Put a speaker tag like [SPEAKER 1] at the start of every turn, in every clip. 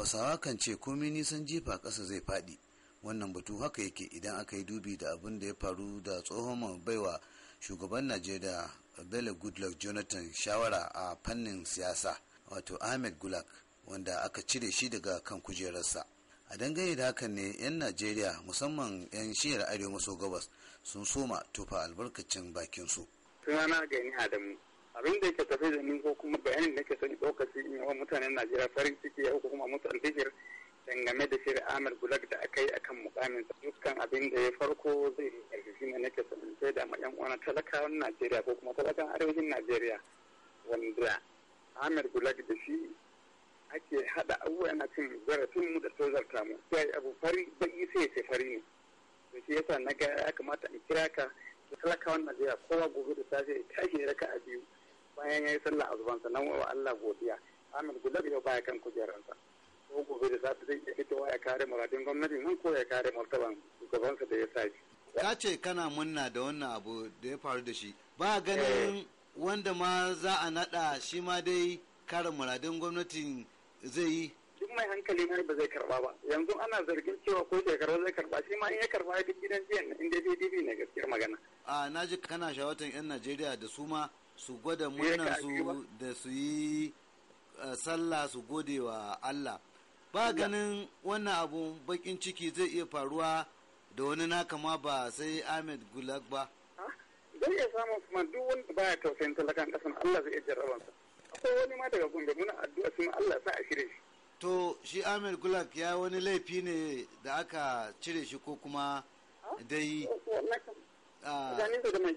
[SPEAKER 1] hausawa kan ce komai nisan jifa ƙasa zai faɗi wannan batu haka yake idan aka yi dubi da abin da ya faru da tsohon baiwa shugaban najeriya bello goodluck jonathan shawara a fannin siyasa wato ahmed gulak wanda aka cire shi daga kan kujerarsa a dangane da hakan ne 'yan najeriya musamman 'yan shiyar arewa maso gabas sun soma tufa albarkacin bakinsu
[SPEAKER 2] sunana gani adamu abin da yake tafi da ni ko kuma bayanin da ke sani lokaci ne wa mutanen najeriya farin ciki ya kuma game da shirin Ahmed Gulag da aka yi a kan mukamin dukkan abin da ya farko zai yi na nake sanance da ma yan uwan talakawan Najeriya ko kuma talakan arewacin Najeriya wanda Amir Gulag da shi ake hada abubuwa yana cin zarafin mu da tozarta mu sai abu fari bai sai ce fari ne da shi yasa na ga ya kamata in kira ka da talakawan Najeriya kowa gobe da safe ya tashi raka a biyu bayan ya yi sallah azuban sannan wa Allah godiya Amir Gulag ya baya kan kujerarsa. safe zai fitowa ya kare muradin nan ko ya kare martaban gabansa da ya sa
[SPEAKER 1] ka ce kana munna da wannan abu da ya faru da shi ba ganin wanda ma za a nada shi ma dai kare muradin gwamnatin zai yi
[SPEAKER 2] duk mai hankali ne ba zai karba ba yanzu ana zargin cewa ko shekaru zai karba shi ma in ya karba ya gidan jiyan inda pdp ne gaskiyar magana
[SPEAKER 1] a na ji kana shawatan yan najeriya da su ma su gwada murnan su da su yi eh, sallah su gode wa allah ba ganin wannan abu bakin ciki zai iya faruwa da wani naka ma ba sai ahmed gulag ba zai iya samun kuma duk wanda baya tausayin talakan
[SPEAKER 2] kasan allah zai iya jarrabansa akwai wani ma daga gombe muna addu'a sun allah sa a shirye shi
[SPEAKER 1] to shi ahmed gulag ya wani laifi ne da aka cire shi ko kuma dai ah, da mai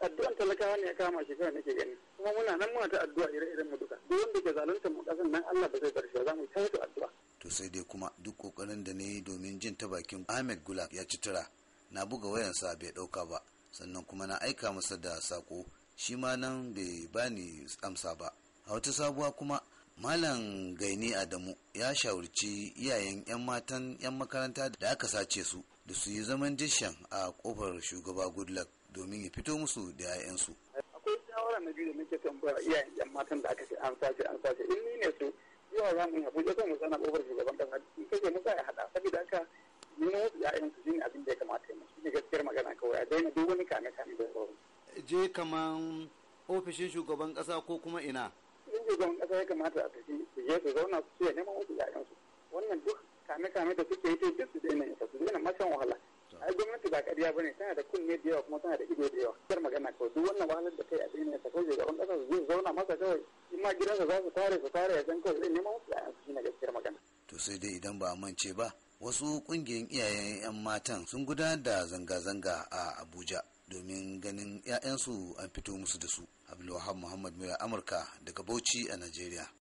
[SPEAKER 1] addu'an talakawa ne ya
[SPEAKER 2] kama shi kawai nake gani kuma muna nan muna ta addu'a ire-iren mu duka duk wanda ke zalunta mu kasan nan Allah ba zai bar
[SPEAKER 1] ba za mu ta addu'a to sai dai kuma duk kokarin da na domin jin ta bakin Ahmed Gulak ya ci tura na buga wayansa bai dauka ba sannan kuma na aika masa da sako shi ma nan bai bani amsa ba a wata sabuwa kuma malam gaini adamu ya shawarci iyayen 'yan matan 'yan makaranta da aka sace su da su yi zaman dishan a kofar shugaba goodluck domin ya fito musu da 'ya'yansu. akwai
[SPEAKER 2] shawara na biyu da nake tambaya iyayen yan matan da aka ce an sace an sace in ni ne su yawa za mu yi abuja kan mu sana kofar shugaban kasa in kake musa ya hada saboda haka nuna wasu 'ya'yansu shine abin da ya kamata ya musu ne gaskiyar magana kawai a daina duk wani kame kame da sauransu.
[SPEAKER 1] je kaman ofishin shugaban kasa ko kuma ina. Yin shugaban kasa ya kamata a tafi su je su zauna su
[SPEAKER 2] ce neman wasu yayansu. Wannan duk kame-kame da suke yi duk su daina yin su daina masan wahala. ba ƙarya bane tana da kunne da yawa kuma tana da ido da yawa kar magana ko duk wannan wahalar da kai a cikin ta kawai gaban ƙasa zai zauna masa kawai in ma gidansa za su tare su tare ya san kawai zai nema wasu da
[SPEAKER 1] su na gaskiyar magana to sai dai idan ba a mance ba wasu ƙungiyoyin iyayen 'yan matan sun gudanar da zanga-zanga a abuja domin ganin 'ya'yansu an fito musu da su abdulwahab muhammad mura amurka daga bauchi a najeriya